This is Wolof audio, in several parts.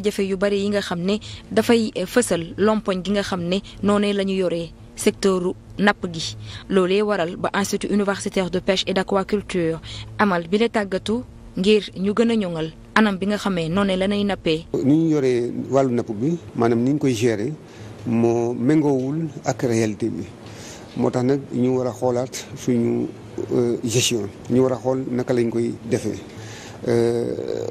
jafe yu bari yi nga xam ne dafay eh, fësal lompoñ gi nga xam ne noonu la ñu yoree secteuru napp gi loolu loolee waral ba institut universitaire de pêche et d'aquaculture amal bi la tàggatu ngir ñu gën a ñoŋal anam bi nga xamee noonu la nappee. ni ñu yoree wàllu napp bi maanaam ni ñu koy gérer moo méngoowul ak réalité bi moo tax nag ñu war a xoolaat suñu euh, gestion ñu war a xool naka lañ koy defee. Euh,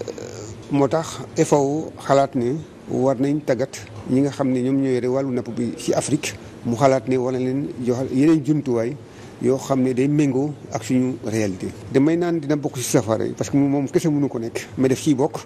moo tax FAO xalaat ne war nañ tàggat ñi nga xam ne ñoom ñoo yore wàllu napp bi ci Afrique mu xalaat ne war leen jox yeneen jumtuwaay yoo xam ne day méngoo ak suñu réalité. damay naan dina bokk ci safara yi parce que moom kese mënu ko nekk mais def ciy bokk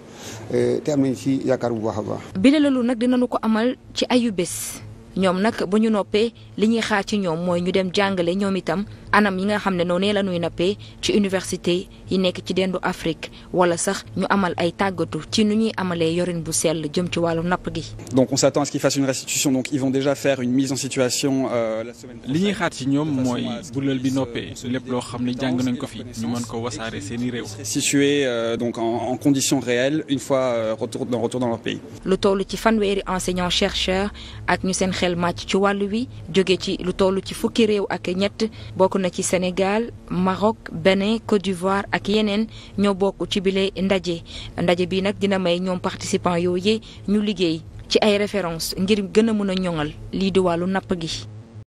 euh, te am nañ ci yaakaar bu baax a baax. bile loolu nag dinañu ko amal ci ayu bés ñoom nag bu ñu noppee li ñuy xaar ci ñoom mooy ñu dem jàngale ñoom itam. anam yi nga xam ne noonu la ñuy nappee ci université yi nekk ci dendu Afrique wala sax ñu amal ay tàggatu ci nu ñuy amalee yorin bu sell jëm ci wàllu napp gi. donc on s'attend à ce qu'ils fassent une restitution donc ils vont déjà faire une mise en situation euh, la semaine li ñuy xaar ci ñoom mooy bulal bi noppee lépp loo xam ne jàng nañ ko fi ñu ko wasaare seeni réew. situé euh, donc en euh, lu toll ci fanweeri enseignants chercheurs ak ñu seen xel màcc ci wàll wi jóge ci lu toll ci fukki réew ak ñett bokk na ci Sénégal Maroc Bénin Côte d'Ivoire ak yeneen ñoo bokk ci bile ndaje ndaje bi nag dina may ñoom participants yooyu ñu liggéey ci ay références ngir gën a mën a ñoŋal lii di wàllu napp gi.